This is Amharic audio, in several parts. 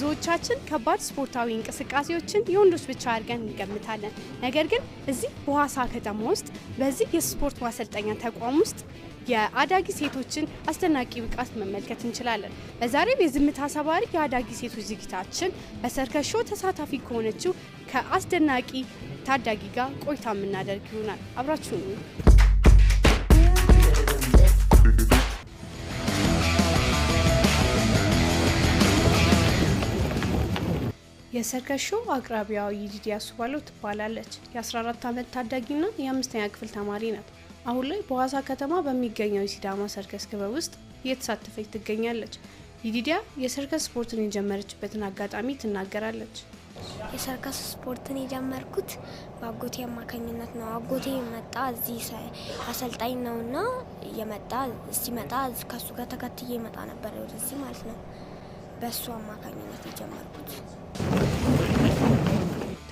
ብዙዎቻችን ከባድ ስፖርታዊ እንቅስቃሴዎችን የወንዶች ብቻ አድርገን እንገምታለን። ነገር ግን እዚህ በዋሳ ከተማ ውስጥ በዚህ የስፖርት ማሰልጠኛ ተቋም ውስጥ የአዳጊ ሴቶችን አስደናቂ ብቃት መመልከት እንችላለን። በዛሬም የዝምታ ሰባሪ የአዳጊ ሴቶች ዝግጅታችን በሰርከሾ ተሳታፊ ከሆነችው ከአስደናቂ ታዳጊ ጋር ቆይታ የምናደርግ ይሆናል። አብራችሁን የሰርከስ ሾው አቅራቢዋ ይዲዲያ ሱባለው ትባላለች። የ14 ዓመት ታዳጊና የአምስተኛ ክፍል ተማሪ ናት። አሁን ላይ በዋሳ ከተማ በሚገኘው የሲዳማ ሰርከስ ክበብ ውስጥ እየተሳተፈች ትገኛለች። ይዲዲያ የሰርከስ ስፖርትን የጀመረችበትን አጋጣሚ ትናገራለች። የሰርከስ ስፖርትን የጀመርኩት በአጎቴ አማካኝነት ነው። አጎቴ የመጣ እዚህ አሰልጣኝ ነውና የመጣ ሲመጣ ከሱ ጋር ተከትዬ ይመጣ ነበር ወደዚህ ማለት ነው። በእሱ አማካኝነት የጀመርኩት።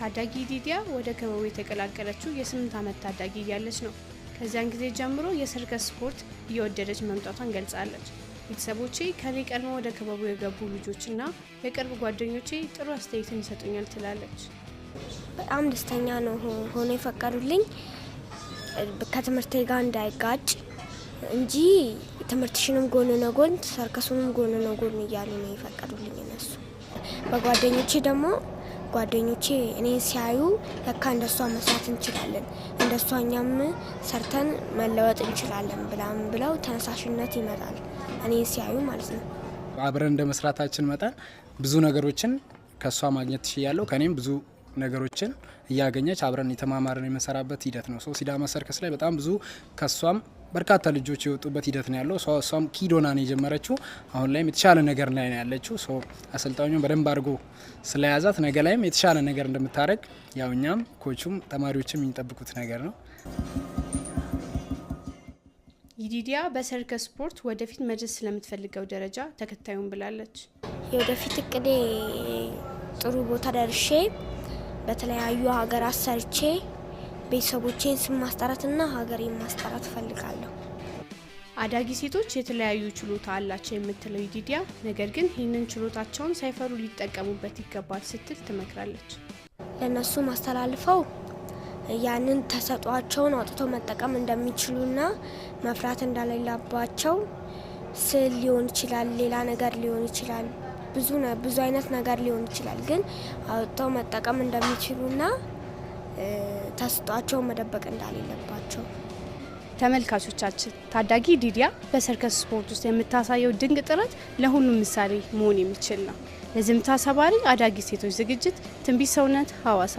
ታዳጊ ዲዲያ ወደ ክበቡ የተቀላቀለችው የስምንት ዓመት ታዳጊ እያለች ነው። ከዚያን ጊዜ ጀምሮ የሰርከስ ስፖርት እየወደደች መምጣቷን ገልጻለች። ቤተሰቦቼ ከኔ ቀድሞ ወደ ክበቡ የገቡ ልጆችና የቅርብ ጓደኞቼ ጥሩ አስተያየትን ይሰጡኛል ትላለች። በጣም ደስተኛ ነው ሆኖ የፈቀዱልኝ ከትምህርቴ ጋር እንዳይጋጭ እንጂ ትምህርትሽንም ጎን ነጎን ሰርከሱንም ጎን ነጎን እያሉ ነው የፈቀዱልኝ እነሱ። በጓደኞቼ ደግሞ ጓደኞቼ እኔ ሲያዩ ለካ እንደሷ መስራት እንችላለን፣ እንደሷ እኛም ሰርተን መለወጥ እንችላለን ብላም ብለው ተነሳሽነት ይመጣል። እኔ ሲያዩ ማለት ነው። አብረን እንደ መስራታችን መጠን ብዙ ነገሮችን ከእሷ ማግኘት ትችያለሁ። ከእኔም ብዙ ነገሮችን እያገኘች አብረን የተማማርን የምንሰራበት ሂደት ነው። ሶ ሲዳማ ሰርከስ ላይ በጣም ብዙ ከእሷም በርካታ ልጆች የወጡበት ሂደት ነው ያለው። እሷም ኪዶና ነው የጀመረችው። አሁን ላይም የተሻለ ነገር ላይ ነው ያለችው። አሰልጣኙ በደንብ አድርጎ ስለያዛት ነገ ላይም የተሻለ ነገር እንደምታደረግ ያው እኛም ኮቹም ተማሪዎችም የሚጠብቁት ነገር ነው። ይዲዲያ በሰርከስ ስፖርት ወደፊት መድረስ ስለምትፈልገው ደረጃ ተከታዩም ብላለች። የወደፊት እቅዴ ጥሩ ቦታ ደርሼ በተለያዩ ሀገራት ሰርቼ ቤተሰቦቼን ስም ማስጠራትና ሀገሬን ማስጠራት እፈልጋለሁ። አዳጊ ሴቶች የተለያዩ ችሎታ አላቸው የምትለው ይዲዲያ፣ ነገር ግን ይህንን ችሎታቸውን ሳይፈሩ ሊጠቀሙበት ይገባል ስትል ትመክራለች። ለእነሱ ማስተላልፈው ያንን ተሰጧቸውን አውጥቶ መጠቀም እንደሚችሉና መፍራት እንደሌለባቸው ስል ሊሆን ይችላል፣ ሌላ ነገር ሊሆን ይችላል፣ ብዙ ብዙ አይነት ነገር ሊሆን ይችላል። ግን አውጥተው መጠቀም እንደሚችሉና ተስጧቸው መደበቅ እንዳሌለባቸው። ተመልካቾቻችን ታዳጊ ዲዲያ በሰርከስ ስፖርት ውስጥ የምታሳየው ድንቅ ጥረት ለሁሉም ምሳሌ መሆን የሚችል ነው። ለዝምታ ሰባሪ አዳጊ ሴቶች ዝግጅት ትንቢት ሰውነት ሐዋሳ